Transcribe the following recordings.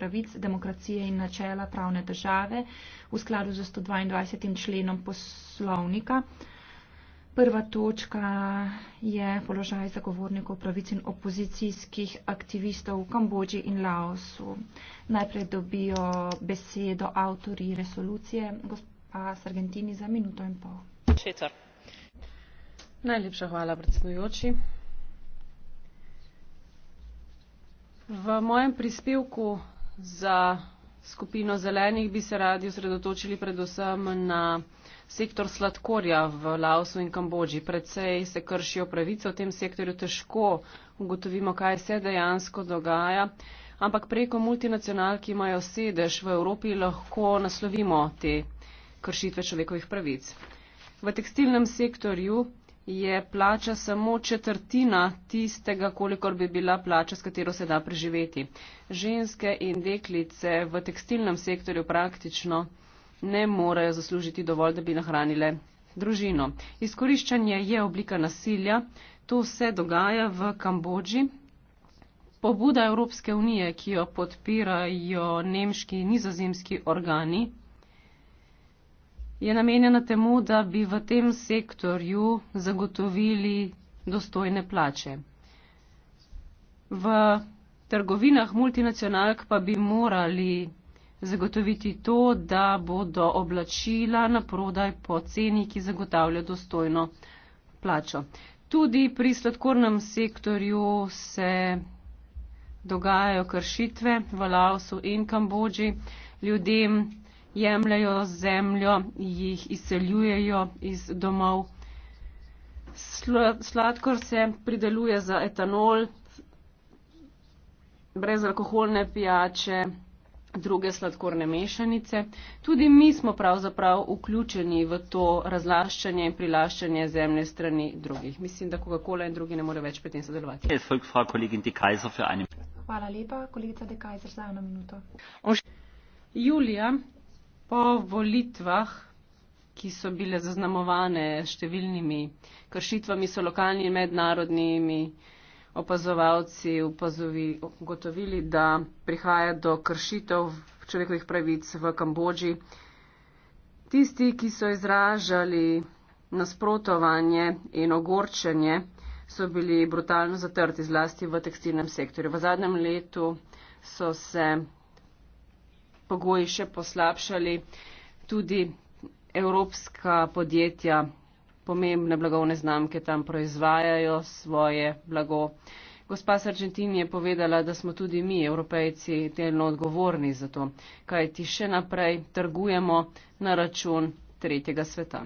pravic, demokracije in načela pravne države v skladu z 122. členom poslovnika. Prva točka je položaj zagovornikov pravic in opozicijskih aktivistov v Kambodži in Laosu. Najprej dobijo besedo avtori resolucije, gospa Sargentini, za minuto in pol. Četar. Najlepša hvala, predsedujoči. V mojem prispevku Za skupino zelenih bi se radi osredotočili predvsem na sektor sladkorja v Laosu in Kambodži. Predvsej se kršijo pravice v tem sektorju, težko ugotovimo, kaj se dejansko dogaja, ampak preko multinacional, ki imajo sedež v Evropi, lahko naslovimo te kršitve človekovih pravic. V tekstilnem sektorju je plača samo četrtina tistega, kolikor bi bila plača, s katero se da preživeti. Ženske in deklice v tekstilnem sektorju praktično ne morejo zaslužiti dovolj, da bi nahranile družino. Izkoriščanje je oblika nasilja. To se dogaja v Kambodži. Pobuda Evropske unije, ki jo podpirajo nemški in nizozemski organi, je namenjena temu, da bi v tem sektorju zagotovili dostojne plače. V trgovinah multinacionalk pa bi morali zagotoviti to, da bodo oblačila na prodaj po ceni, ki zagotavlja dostojno plačo. Tudi pri sladkornem sektorju se dogajajo kršitve v Laosu in Kambodži. Ljudem jemljajo zemljo, jih izseljujejo iz domov. Sladkor se prideluje za etanol, brezalkoholne pijače, druge sladkorne mešanice. Tudi mi smo pravzaprav vključeni v to razlaščanje in prilaščanje zemlje strani drugih. Mislim, da Coca-Cola in drugi ne more več pri tem sodelovati. Hvala lepa, kolegica De Kaiser, za eno minuto. Julija po volitvah, ki so bile zaznamovane številnimi kršitvami, so lokalni in mednarodnimi opazovalci ugotovili, da prihaja do kršitev človekovih pravic v Kambodži. Tisti, ki so izražali nasprotovanje in ogorčenje, so bili brutalno zatrti, zlasti v tekstilnem sektorju. V zadnjem letu so se pogoji še poslabšali tudi evropska podjetja, pomembne blagovne znamke tam proizvajajo svoje blago. Gospa s Argentini je povedala, da smo tudi mi, evropejci, delno odgovorni za to, kaj ti še naprej trgujemo na račun tretjega sveta.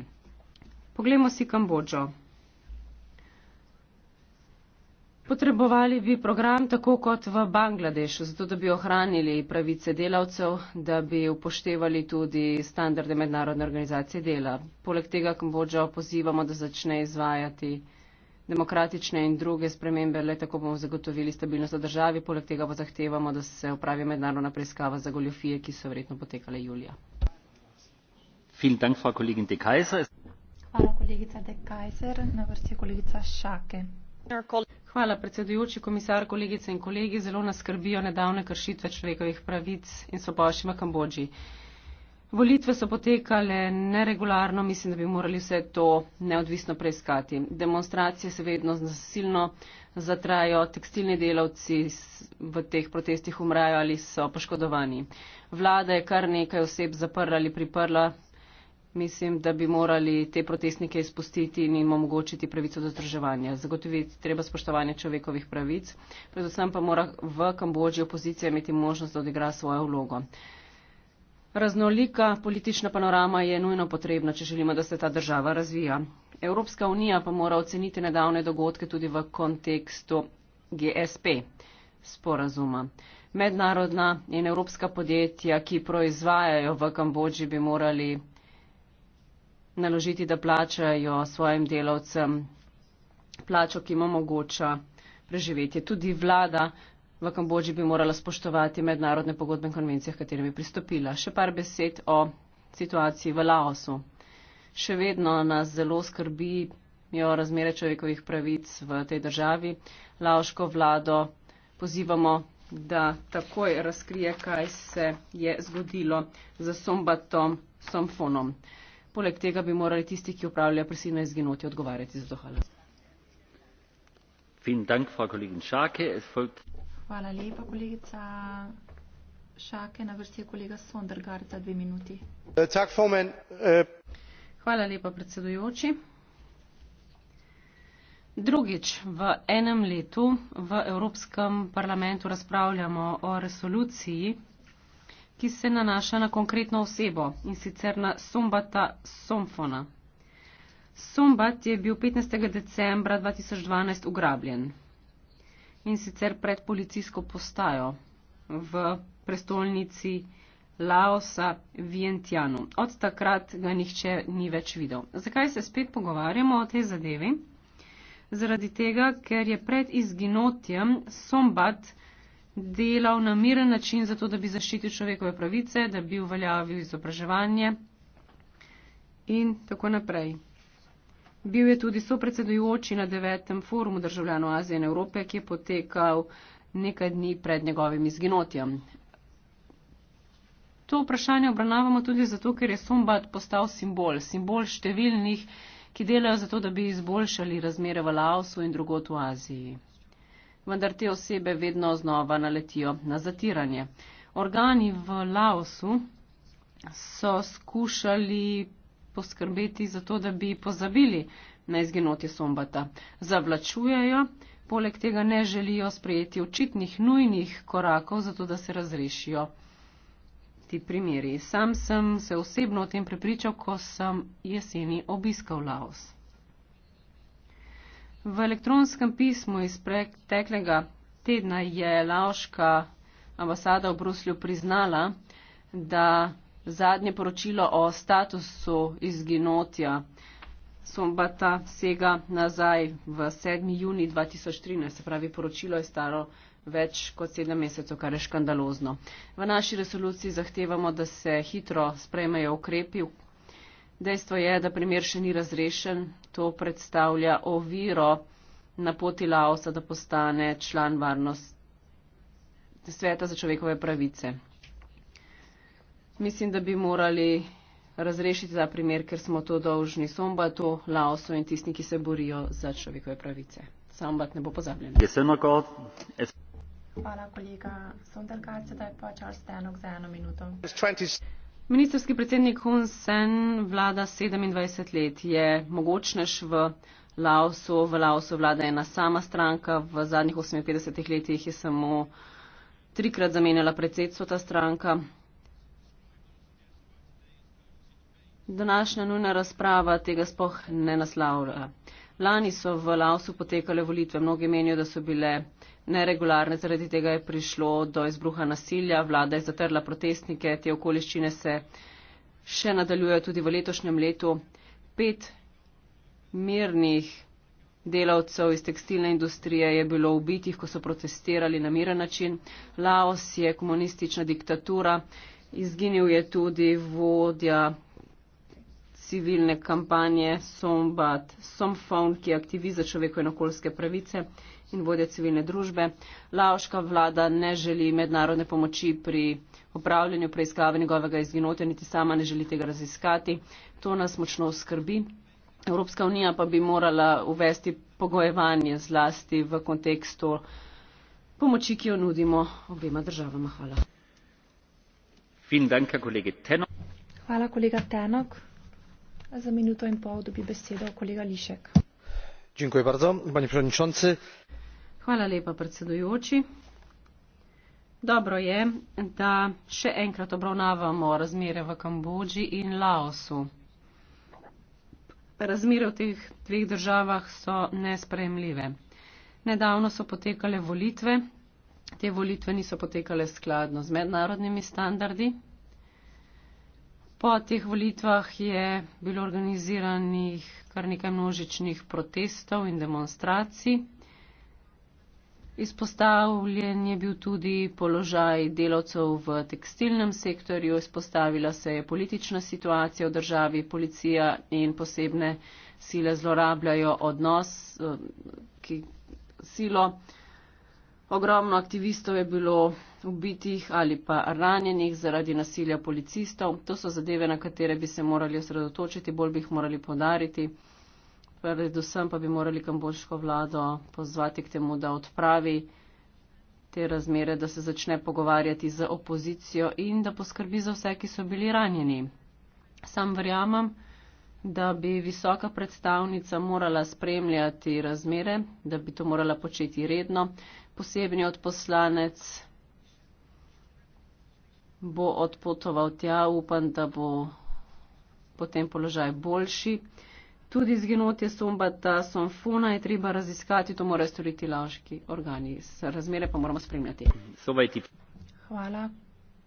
Poglejmo si Kambodžo potrebovali bi program tako kot v Bangladešu, zato da bi ohranili pravice delavcev, da bi upoštevali tudi standarde mednarodne organizacije dela. Poleg tega Kambodžo pozivamo, da začne izvajati demokratične in druge spremembe, le tako bomo zagotovili stabilnost v državi, poleg tega pa zahtevamo, da se opravi mednarodna preiskava za goljofije, ki so verjetno potekale julija. Hvala, kolegica De Kaiser. Na vrsti je kolegica Šake. Hvala predsedujoči, komisar, kolegice in kolegi. Zelo nas skrbijo nedavne kršitve človekovih pravic in svoboščin v Kambodži. Volitve so potekale neregularno, mislim, da bi morali vse to neodvisno preiskati. Demonstracije se vedno nasilno zatrajo, tekstilni delavci v teh protestih umrajo ali so poškodovani. Vlada je kar nekaj oseb zaprla ali priprla, Mislim, da bi morali te protestnike izpustiti in jim omogočiti pravico do združevanja. Zagotoviti treba spoštovanje človekovih pravic, predvsem pa mora v Kambodži opozicija imeti možnost, da odigra svojo vlogo. Raznolika politična panorama je nujno potrebna, če želimo, da se ta država razvija. Evropska unija pa mora oceniti nedavne dogodke tudi v kontekstu GSP sporazuma. Mednarodna in evropska podjetja, ki proizvajajo v Kambodži, bi morali naložiti, da plačajo svojim delavcem plačo, ki jim omogoča preživetje. Tudi vlada v Kambodži bi morala spoštovati mednarodne pogodbe in konvencije, v katerimi je pristopila. Še par besed o situaciji v Laosu. Še vedno nas zelo skrbi jo razmere človekovih pravic v tej državi. Laoško vlado pozivamo, da takoj razkrije, kaj se je zgodilo z Sombatom Somfonom. Poleg tega bi morali tisti, ki upravljajo prisilno izginotje, odgovarjati za to. Hvala. Dank, hvala lepa, kolegica Šake. Na vrsti je kolega Sondergar za dve minuti. Tak, formen, uh... Hvala lepa, predsedujoči. Drugič v enem letu v Evropskem parlamentu razpravljamo o resoluciji ki se nanaša na konkretno osebo in sicer na Sombata Somfona. Sombat je bil 15. decembra 2012 ugrabljen in sicer pred policijsko postajo v prestolnici Laosa Vientianu. Od takrat ga nihče ni več videl. Zakaj se spet pogovarjamo o tej zadevi? Zaradi tega, ker je pred izginotjem Sombat delal na miren način, zato da bi zaščitil človekove pravice, da bi uveljavil izobraževanje in tako naprej. Bil je tudi sopredsedujoči na devetem forumu državljanov Azije in Evrope, ki je potekal nekaj dni pred njegovim izginotjem. To vprašanje obravnavamo tudi zato, ker je Sumbat postal simbol, simbol številnih, ki delajo zato, da bi izboljšali razmere v Laosu in drugot v Aziji vendar te osebe vedno znova naletijo na zatiranje. Organi v Laosu so skušali poskrbeti za to, da bi pozabili na izginotje sombata. Zavlačujejo, poleg tega ne želijo sprejeti očitnih nujnih korakov, zato da se razrešijo ti primeri. Sam sem se osebno o tem prepričal, ko sem jeseni obiskal Laos. V elektronskem pismu iz preteklega tedna je Lauška ambasada v Bruslju priznala, da zadnje poročilo o statusu izginotja Sombata sega nazaj v 7. juni 2013, se pravi poročilo je staro več kot sedem mesecev, kar je škandalozno. V naši resoluciji zahtevamo, da se hitro sprejmejo ukrepi. Dejstvo je, da primer še ni razrešen, to predstavlja oviro na poti Laosa, da postane član varnosti sveta za človekove pravice. Mislim, da bi morali razrešiti za primer, ker smo to dolžni Sombatu, Laosu in tisti, ki se borijo za človekove pravice. Sombat ne bo pozabljen. Hvala, kolega Sondelka, sedaj pa čas stenok za eno minuto. 20... Ministrski predsednik Hun Sen vlada 27 let, je mogočnež v Laosu, v Laosu vlada ena sama stranka, v zadnjih 58 letih je samo trikrat zamenjala predsedstvo ta stranka. Današnja nujna razprava tega spoh ne naslavlja. Lani so v Laosu potekale volitve, mnogi menijo, da so bile neregularne, zaradi tega je prišlo do izbruha nasilja, vlada je zatrla protestnike, te okoliščine se še nadaljujejo tudi v letošnjem letu. Pet mirnih delavcev iz tekstilne industrije je bilo ubitih, ko so protestirali na miren način. Laos je komunistična diktatura, izginil je tudi vodja civilne kampanje Sombat Somfon, ki je aktivist za človeko in okoljske pravice in vodja civilne družbe. Laoška vlada ne želi mednarodne pomoči pri upravljanju preiskave njegovega izginotja, niti sama ne želi tega raziskati. To nas močno skrbi. Evropska unija pa bi morala uvesti pogojevanje zlasti v kontekstu pomoči, ki jo nudimo obema državama. Hvala. Hvala, kolega Tenok dobro je da še enkrat obravnavamo razmere v kambodži in laosu. razmere v teh dveh državah so nesprejemljive. nedavno so potekale volitve. te volitve niso potekale skladno z mednarodnimi standardi. Po teh volitvah je bilo organiziranih kar nekaj množičnih protestov in demonstracij. Izpostavljen je bil tudi položaj delavcev v tekstilnem sektorju, izpostavila se je politična situacija v državi, policija in posebne sile zlorabljajo odnos, eh, ki silo. Ogromno aktivistov je bilo ubitih ali pa ranjenih zaradi nasilja policistov. To so zadeve, na katere bi se morali osredotočiti, bolj bi jih morali podariti. Predvsem pa bi morali kambodžsko vlado pozvati k temu, da odpravi te razmere, da se začne pogovarjati z opozicijo in da poskrbi za vse, ki so bili ranjeni. Sam verjamem, da bi visoka predstavnica morala spremljati razmere, da bi to morala početi redno, posebni odposlanec bo odpotoval tja, upam, da bo potem položaj boljši. Tudi izginotje sombata somfuna je treba raziskati, to morajo storiti laški organi. Razmere pa moramo spremljati. Hvala,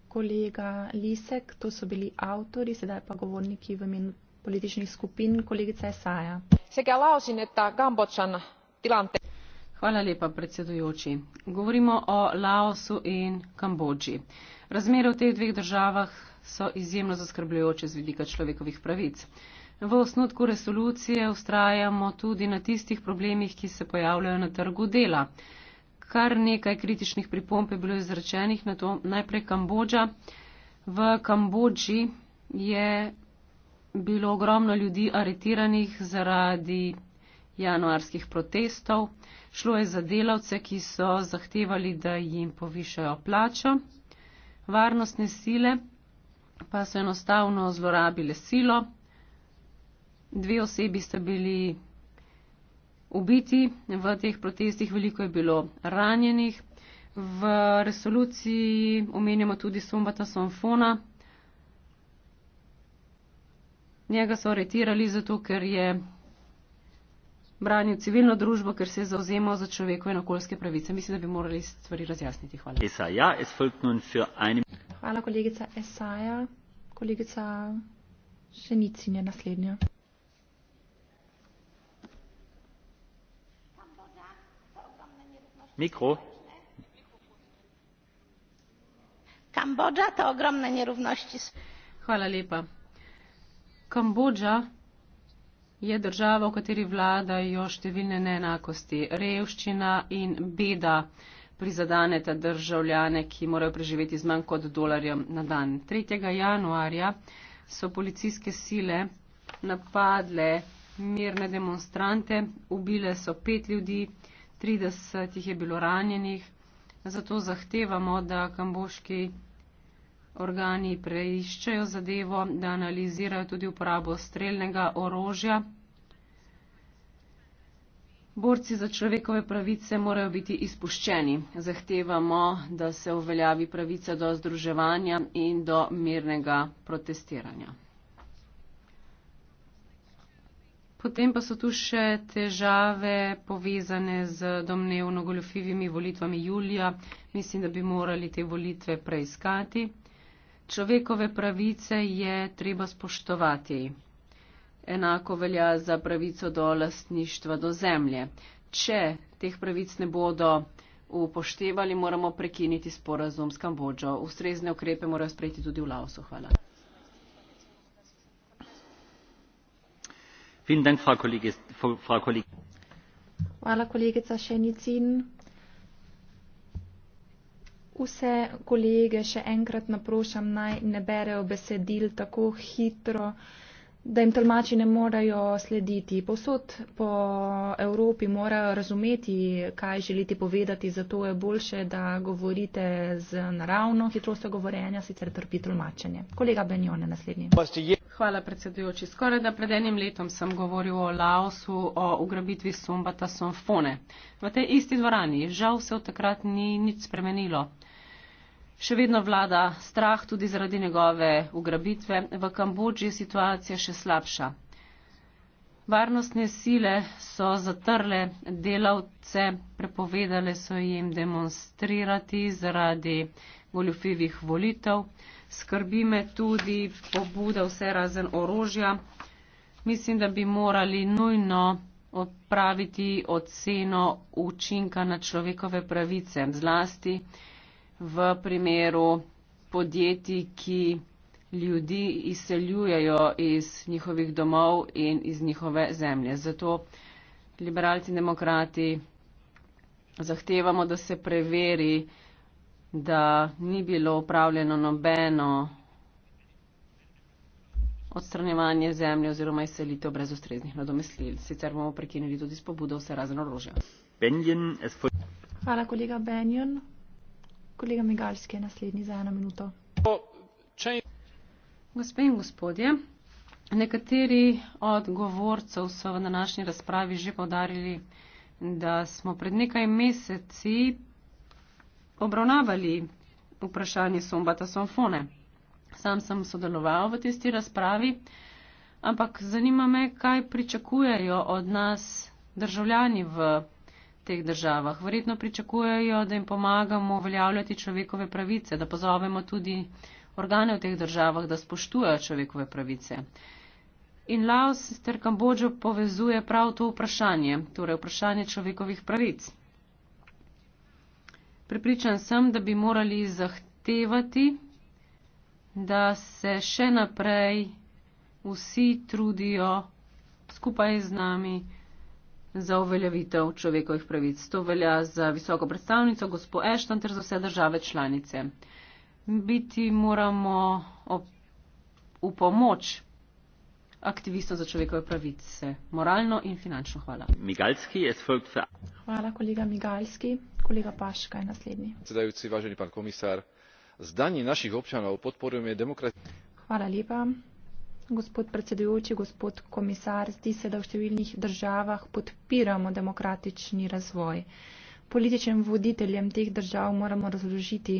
kolega Lisek. To so bili avtori, sedaj pa govorniki v imenu političnih skupin, kolegica Esaja. Se ga lausin, da Gambočan tilante. Hvala lepa, predsedujoči. Govorimo o Laosu in Kambodži. Razmere v teh dveh državah so izjemno zaskrbljujoče z vidika človekovih pravic. V osnutku resolucije ustrajamo tudi na tistih problemih, ki se pojavljajo na trgu dela. Kar nekaj kritičnih pripomp je bilo izrečenih na to najprej Kambodža. V Kambodži je bilo ogromno ljudi aretiranih zaradi januarskih protestov. Šlo je za delavce, ki so zahtevali, da jim povišajo plačo. Varnostne sile pa so enostavno zlorabile silo. Dve osebi sta bili ubiti v teh protestih, veliko je bilo ranjenih. V resoluciji omenjamo tudi Sombata Sonfona. Njega so aretirali zato, ker je branil civilno družbo, ker se je zauzemal za človekove in okoljske pravice. Mislim, da bi morali stvari razjasniti. Hvala. Esaja, es einem... Hvala, kolegica Esaja. Kolegica Ženicin je naslednja. Mikro. Kambodža, to ogromne nerovnosti. Hvala lepa. Kambodža je država, v kateri vladajo številne neenakosti, revščina in beda prizadaneta državljane, ki morajo preživeti z manj kot dolarjem na dan. 3. januarja so policijske sile napadle mirne demonstrante, ubile so pet ljudi, 30 jih je bilo ranjenih, zato zahtevamo, da kamboški organi preiščejo zadevo, da analizirajo tudi uporabo streljnega orožja. Borci za človekove pravice morajo biti izpuščeni. Zahtevamo, da se uveljavi pravica do združevanja in do mirnega protestiranja. Potem pa so tu še težave povezane z domnevno goljofivimi volitvami julija. Mislim, da bi morali te volitve preiskati človekove pravice je treba spoštovati. Enako velja za pravico do lastništva do zemlje. Če teh pravic ne bodo upoštevali, moramo prekiniti sporazum s Kambodžo. Ustrezne ukrepe morajo sprejeti tudi v Laosu. Hvala. Hvala, kolegica Šenicin vse kolege še enkrat naprošam, naj ne berejo besedil tako hitro, da jim tolmači ne morajo slediti. Posod po Evropi morajo razumeti, kaj želite povedati, zato je boljše, da govorite z naravno hitrostjo govorjenja, sicer trpi tolmačenje. Kolega Benjone, naslednji. Hvala, predsedujoči. Skoraj da pred enim letom sem govoril o Laosu, o ugrabitvi Sumbata Somfone. V tej isti dvorani žal se v takrat ni nič spremenilo. Še vedno vlada strah tudi zaradi njegove ugrabitve. V Kambodži je situacija še slabša. Varnostne sile so zatrle delavce, prepovedale so jim demonstrirati zaradi goljufivih volitev. Skrbi me tudi pobuda vse razen orožja. Mislim, da bi morali nujno odpraviti oceno učinka na človekove pravice, zlasti v primeru podjetij, ki ljudi izseljujejo iz njihovih domov in iz njihove zemlje. Zato liberalci demokrati zahtevamo, da se preveri, da ni bilo upravljeno nobeno odstranjevanje zemlje oziroma izselitev brez ustreznih nadomestil. Sicer bomo prekinili tudi spobudo vse razen orožja. Hvala, kolega Benjon. Kolega Migalski je naslednji za eno minuto. Gospe in gospodje, nekateri od govorcev so v današnji razpravi že podarili, da smo pred nekaj meseci obravnavali vprašanje sombata somfone. Sam sem sodeloval v tisti razpravi, ampak zanima me, kaj pričakujejo od nas državljani v teh državah. Verjetno pričakujejo, da jim pomagamo uveljavljati človekove pravice, da pozovemo tudi organe v teh državah, da spoštujejo človekove pravice. In Laos ter Kambodžo povezuje prav to vprašanje, torej vprašanje človekovih pravic. Pripričan sem, da bi morali zahtevati, da se še naprej vsi trudijo skupaj z nami za uveljavitev človekovih pravic. To velja za visoko predstavnico, gospod Ešton, ter za vse države članice. Biti moramo v pomoč aktivistom za človekove pravice, moralno in finančno. Hvala. Migalski, hvala, kolega Migalski. Kolega Paška je naslednji. Predsedajoči, važeni pan komisar, zdanje naših občanov podporujemo demokracijo. Hvala lepa. Gospod predsedujoči, gospod komisar, zdi se, da v številnih državah podpiramo demokratični razvoj. Političnim voditeljem teh držav moramo razložiti,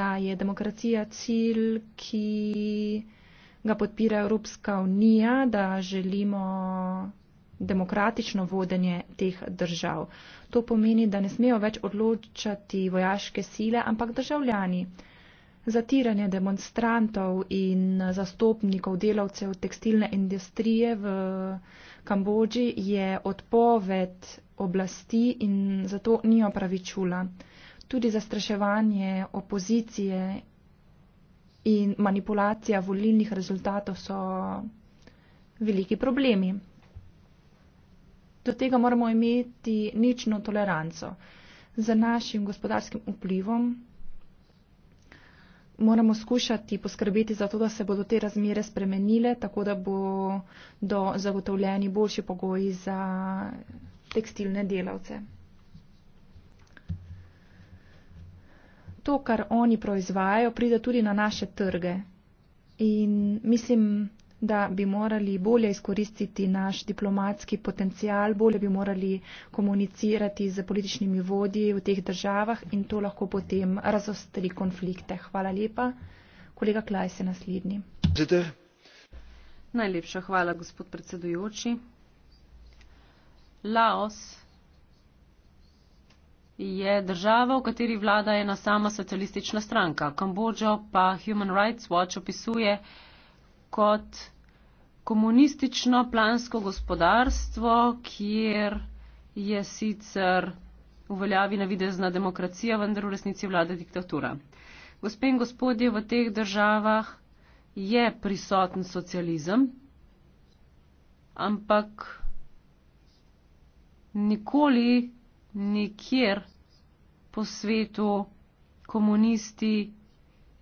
da je demokracija cilj, ki ga podpira Evropska unija, da želimo demokratično vodenje teh držav. To pomeni, da ne smejo več odločati vojaške sile, ampak državljani zatiranje demonstrantov in zastopnikov delavcev tekstilne industrije v Kambodži je odpoved oblasti in zato ni opravičula. Tudi zastraševanje opozicije in manipulacija volilnih rezultatov so veliki problemi. Do tega moramo imeti nično toleranco. Za našim gospodarskim vplivom moramo skušati poskrbeti za to, da se bodo te razmere spremenile, tako da bodo zagotovljeni boljši pogoji za tekstilne delavce. To, kar oni proizvajajo, pride tudi na naše trge. In mislim, da da bi morali bolje izkoristiti naš diplomatski potencial, bolje bi morali komunicirati z političnimi vodji v teh državah in to lahko potem razostri konflikte. Hvala lepa. Kolega Klaj se naslednji. Zdaj. Najlepša hvala, gospod predsedujoči. Laos je država, v kateri vlada ena sama socialistična stranka. Kambodžo pa Human Rights Watch opisuje kot komunistično plansko gospodarstvo, kjer je sicer uveljavi navidezna demokracija, vendar v resnici vlada diktatura. Gospe in gospodje, v teh državah je prisoten socializem, ampak nikoli, nikjer po svetu komunisti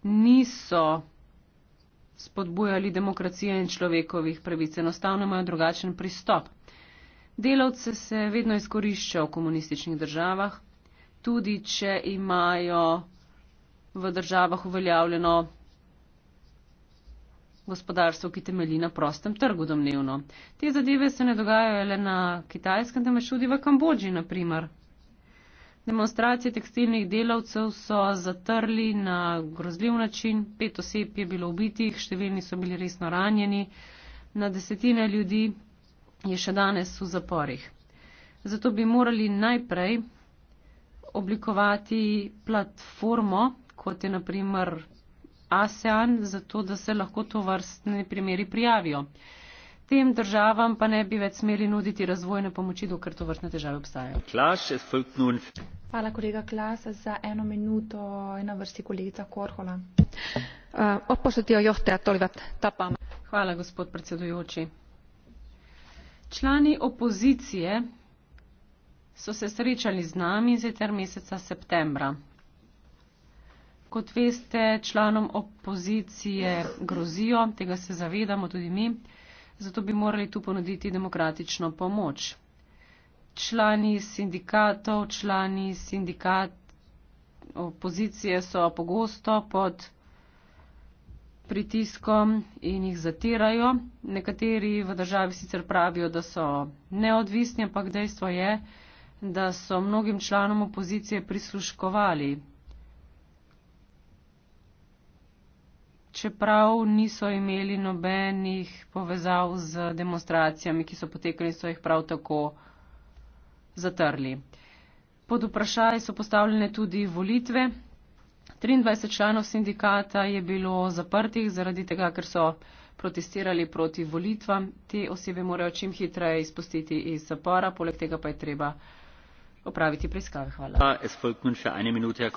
niso spodbujali demokracijo in človekovih pravic. Enostavno imajo drugačen pristop. Delavce se vedno izkorišča v komunističnih državah, tudi če imajo v državah uveljavljeno gospodarstvo, ki temelji na prostem trgu domnevno. Te zadeve se ne dogajajo le na kitajskem, temveč tudi v Kambodži, naprimer. Demonstracije tekstilnih delavcev so zatrli na grozljiv način, pet oseb je bilo ubitih, številni so bili resno ranjeni, na desetine ljudi je še danes v zaporih. Zato bi morali najprej oblikovati platformo, kot je naprimer ASEAN, zato da se lahko to vrstne primeri prijavijo. Tem državam pa ne bi več smeli nuditi razvojne pomoči, dokler to vrstne težave obstajajo. Hvala, kolega Klaas. Za eno minuto ena vrsti kolegica Korhola. Uh, Hvala, gospod predsedujoči. Člani opozicije so se srečali z nami zeter meseca septembra. Kot veste, članom opozicije grozijo, tega se zavedamo tudi mi, zato bi morali tu ponuditi demokratično pomoč člani sindikatov, člani sindikat opozicije so pogosto pod pritiskom in jih zatirajo. Nekateri v državi sicer pravijo, da so neodvisni, ampak dejstvo je, da so mnogim članom opozicije prisluškovali. Čeprav niso imeli nobenih povezav z demonstracijami, ki so potekali, so jih prav tako zatrli. Pod vprašaj so postavljene tudi volitve. 23 članov sindikata je bilo zaprtih zaradi tega, ker so protestirali proti volitvam. Te osebe morajo čim hitreje izpustiti iz zapora, poleg tega pa je treba opraviti preiskave. Hvala. Ja,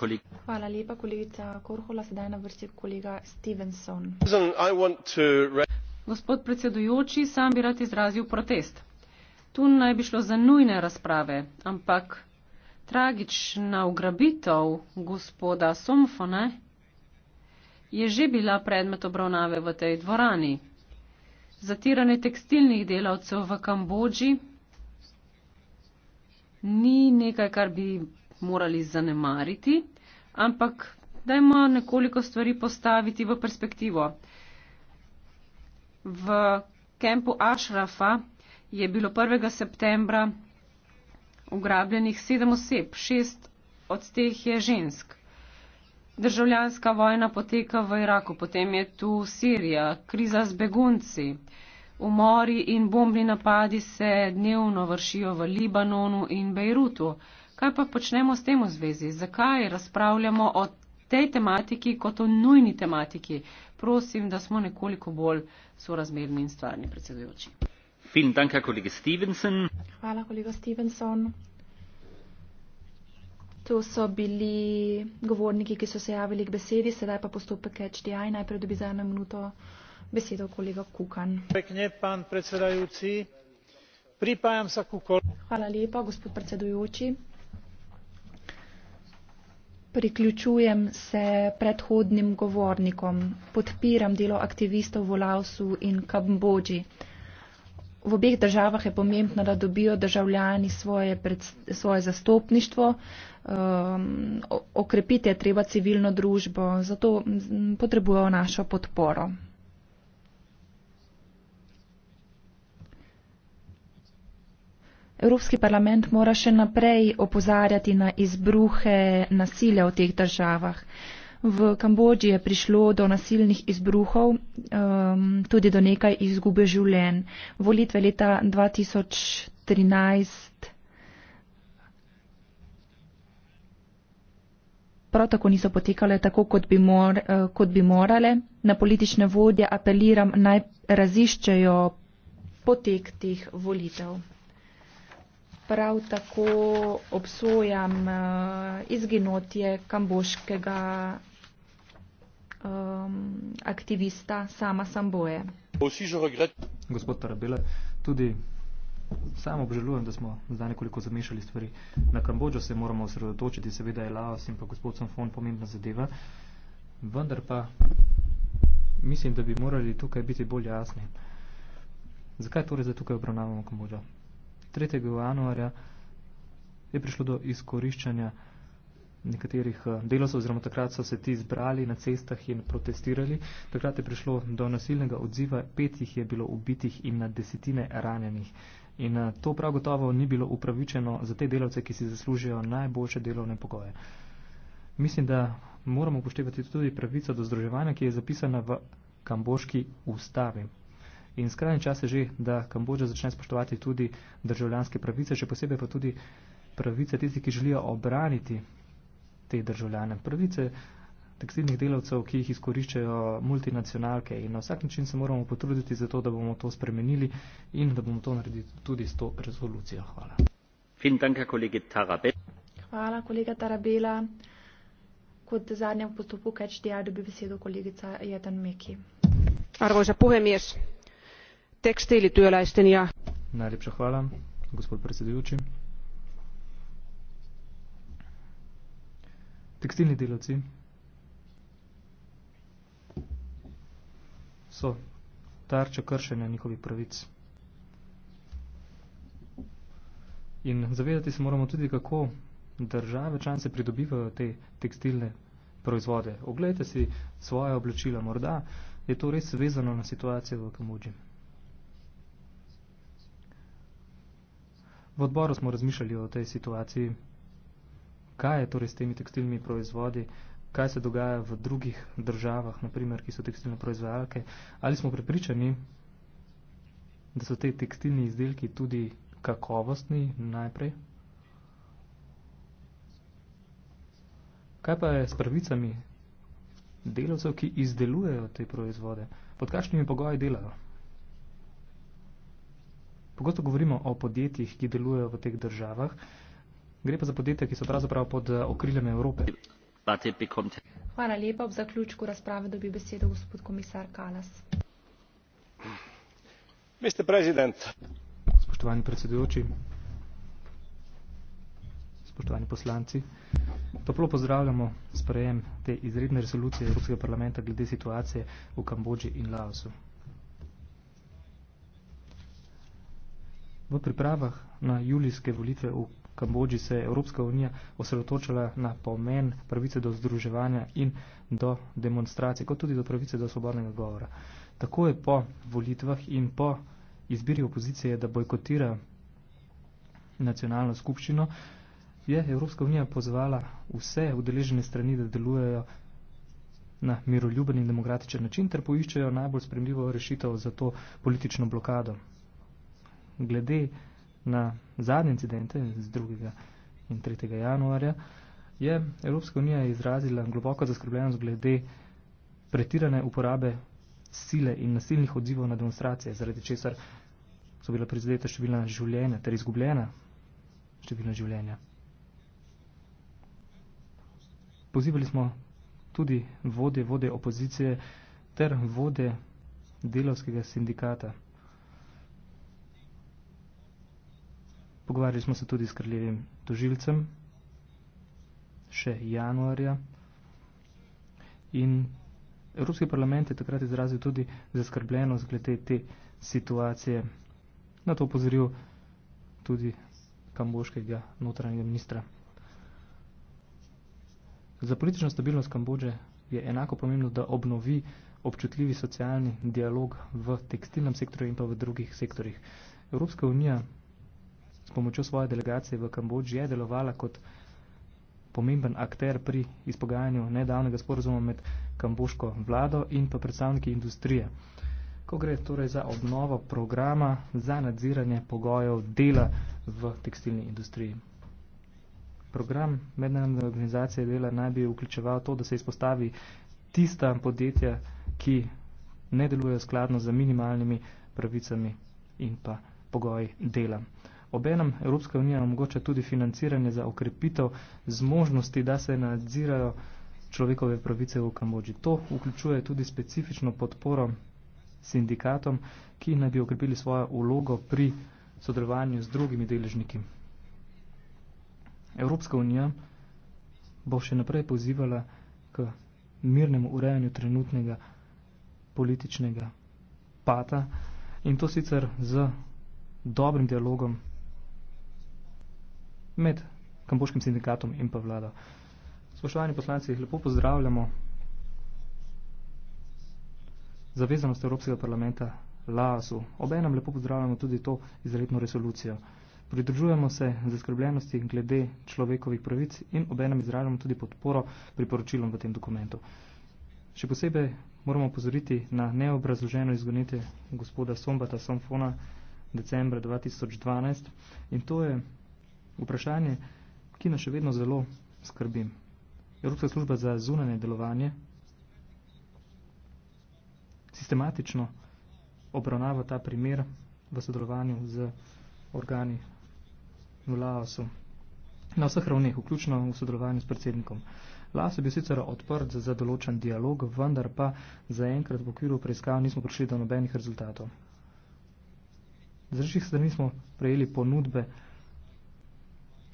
Hvala lepa, kolegica Korhola. Sedaj na vrsti kolega Stevenson. Gospod predsedujoči, sam bi rad izrazil protest. Tu naj bi šlo za nujne razprave, ampak tragična ugrabitev gospoda Somfone je že bila predmet obravnave v tej dvorani. Zatiranje tekstilnih delavcev v Kambodži ni nekaj, kar bi morali zanemariti, ampak dajmo nekoliko stvari postaviti v perspektivo. V kampu Ashrafa je bilo 1. septembra ugrabljenih sedem oseb, šest od teh je žensk. Državljanska vojna poteka v Iraku, potem je tu Sirija, kriza z begunci, umori in bombni napadi se dnevno vršijo v Libanonu in Bejrutu. Kaj pa počnemo s tem v zvezi? Zakaj razpravljamo o tej tematiki kot o nujni tematiki? Prosim, da smo nekoliko bolj sorazmerni in stvarni predsedujoči. Hvala, kolega Stevenson. To so bili govorniki, ki so se javili k besedi, sedaj pa postopek HDI. Najprej dobi za eno minuto besedo kolega Kukan. Pekne, pan predsedajúci. Pripájam sa ku kol... Hvala lepa, gospod predsedujoči. Priključujem se predhodnim govornikom. Podpiram delo aktivistov v Laosu in Kambodži v obeh državah je pomembno, da dobijo državljani svoje, pred, svoje zastopništvo, um, okrepiti je treba civilno družbo, zato potrebujejo našo podporo. Evropski parlament mora še naprej opozarjati na izbruhe nasilja v teh državah. Uh, V Kambodži je prišlo do nasilnih izbruhov, um, tudi do nekaj izgube življenj. Volitve leta 2013 prav tako niso potekale tako, kot bi, mor, eh, kot bi morale. Na politične vodje apeliram naj raziščejo potek teh volitev. Prav tako obsojam eh, izginotje kamboškega Um, aktivista Sama Samboje. Gospod Tarabele, tudi sam obžalujem, da smo zdaj nekoliko zamešali stvari. Na Kambodžo se moramo osredotočiti, seveda je Laos in pa gospod Sanfon pomembna zadeva, vendar pa mislim, da bi morali tukaj biti bolj jasni. Zakaj torej zdaj tukaj obravnavamo Kambodžo? 3. januarja je prišlo do izkoriščanja nekaterih eh, delovcev, oziroma takrat so se ti zbrali na cestah in protestirali. Takrat je prišlo do nasilnega odziva, pet jih je bilo ubitih in na desetine ranjenih. In eh, to prav gotovo ni bilo upravičeno za te delavce, ki si zaslužijo najboljše delovne pogoje. Mislim, da moramo upoštevati tudi pravico do združevanja, ki je zapisana v kambožki ustavi. In skrajni čas je že, da Kambodža začne spoštovati tudi državljanske pravice, še posebej pa tudi pravice tistih, ki želijo obraniti te državljane. Pravice tekstilnih delavcev, ki jih izkoriščajo multinacionalke in na vsak način se moramo potruditi za to, da bomo to spremenili in da bomo to naredili tudi s to rezolucijo. Hvala. Hvala, kolega Tarabela. Kot zadnja v postopku KHDA dobi besedo kolegica Jatan Meki. Arvoža puhemies. Tekstiili työläisten ja... Najlepša hvala, gospod predsedujoči. tekstilni delavci. So tarče kršenja njihovih pravic. In zavedati se moramo tudi, kako države čance pridobivajo te tekstilne proizvode. Oglejte si svoje oblačila, morda je to res vezano na situacijo v Kamuđi. V odboru smo razmišljali o tej situaciji kaj je torej s temi tekstilnimi proizvodi, kaj se dogaja v drugih državah, naprimer, ki so tekstilne proizvajalke, ali smo prepričani, da so te tekstilni izdelki tudi kakovostni najprej. Kaj pa je s pravicami delavcev, ki izdelujejo te proizvode? Pod kakšnimi pogoji delajo? Pogosto govorimo o podjetjih, ki delujejo v teh državah, gre pa za podjetja, ki so pravzaprav pod eh, okriljem Evrope. Hvala lepa. Ob zaključku razprave dobi besedo gospod komisar Kalas. Spoštovani predsedujoči, spoštovani poslanci, toplo pozdravljamo sprejem te izredne resolucije Evropskega parlamenta glede situacije v Kambodži in Laosu. V pripravah na julijske volitve v Kambodži se je Evropska unija osredotočila na pomen pravice do združevanja in do demonstracije, kot tudi do pravice do svobodnega govora. Tako je po volitvah in po izbiri opozicije, da bojkotira nacionalno skupščino, je Evropska unija pozvala vse udeležene strani, da delujejo na miroljuben in demokratičen način ter poiščejo najbolj spremljivo rešitev za to politično blokado. Glede na zadnje incidente z 2. in 3. januarja, je Evropska unija izrazila globoko zaskrbljenost glede pretirane uporabe sile in nasilnih odzivov na demonstracije, zaradi česar so bila prizadeta številna življenja ter izgubljena številna življenja. Pozivali smo tudi vode, vode opozicije ter vode delovskega sindikata. Pogovarjali smo se tudi s kraljevim tožilcem, še januarja. In Evropski parlament je takrat izrazil tudi zaskrbljenost glede te situacije. Na to opozoril tudi kamboškega notranjega ministra. Za politično stabilnost Kambodže je enako pomembno, da obnovi občutljivi socialni dialog v tekstilnem sektorju in pa v drugih sektorjih. Evropska unija s pomočjo svoje delegacije v Kambodži je delovala kot pomemben akter pri izpogajanju nedavnega sporozuma med kamboško vlado in pa predstavniki industrije. Ko gre torej za obnovo programa za nadziranje pogojev dela v tekstilni industriji. Program mednarodne organizacije dela naj bi vključeval to, da se izpostavi tista podjetja, ki ne delujejo skladno z minimalnimi pravicami in pa pogoji dela. Obenem Evropska unija omogoča tudi financiranje za okrepitev zmožnosti, da se nadzirajo človekove pravice v Kambodži. To vključuje tudi specifično podporo sindikatom, ki naj bi okrepili svojo ulogo pri sodelovanju z drugimi deležniki. Evropska unija bo še naprej pozivala k mirnemu urejanju trenutnega političnega pata in to sicer z dobrim dialogom med kamboškim sindikatom in pa vlado. Spoštovani poslanci, lepo pozdravljamo zavezanost Evropskega parlamenta LAASU. Obenem lepo pozdravljamo tudi to izredno resolucijo. Pridružujemo se zaskrbljenosti glede človekovih pravic in obenem izražamo tudi podporo priporočilom v tem dokumentu. Še posebej moramo pozoriti na neobrazloženo izgonitev gospoda Sombata Somfona decembra 2012 in to je vprašanje, ki me še vedno zelo skrbi. Evropska služba za zunanje delovanje sistematično obravnava ta primer v sodelovanju z organi v Laosu. Na vseh ravneh, vključno v sodelovanju s predsednikom. Laos je bil sicer odprt za določen dialog, vendar pa zaenkrat v okviru preiskav nismo prišli do nobenih rezultatov. Z rešnih strani smo prejeli ponudbe,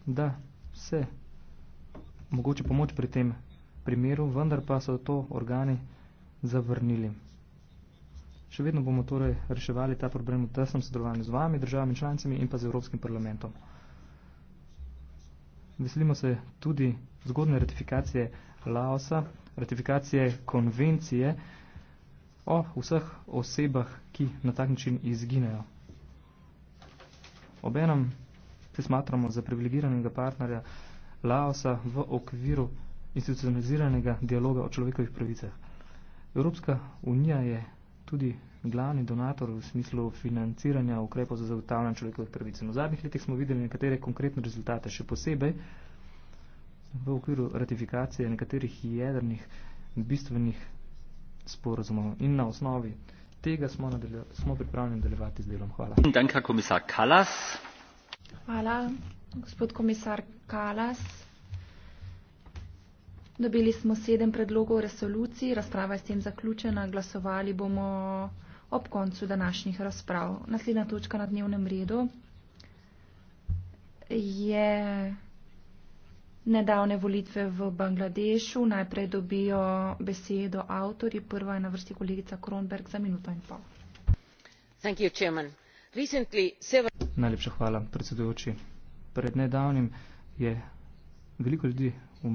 da se mogoče pomoč pri tem primeru, vendar pa so to organi zavrnili. Še vedno bomo torej reševali ta problem v tesnem sodelovanju z vami, državami članicami in pa z Evropskim parlamentom. Veselimo se tudi zgodne ratifikacije Laosa, ratifikacije konvencije o vseh osebah, ki na tak način izginejo. Obenem se smatramo za privilegiranega partnerja Laosa v okviru institucionaliziranega dialoga o človekovih pravicah. Evropska unija je tudi glavni donator v smislu financiranja ukrepov za zagotavljanje človekovih pravic. V zadnjih letih smo videli nekatere konkretne rezultate, še posebej v okviru ratifikacije nekaterih jedrnih bistvenih sporozumov. In na osnovi tega smo, smo pripravljeni delovati z delom. Hvala. Danka komisar Kalas. Hvala, gospod komisar Kalas. Dobili smo sedem predlogov resolucij, razprava je s tem zaključena, glasovali bomo ob koncu današnjih razprav. Naslednja točka na dnevnem redu je nedavne volitve v Bangladešu. Najprej dobijo besedo avtori. Prva je na vrsti kolegica Kronberg za minuto in pol. Thank you, chairman. Najlepša hvala, predsedujoči. Pred nedavnim je veliko ljudi umrlo v Severni Makedoniji.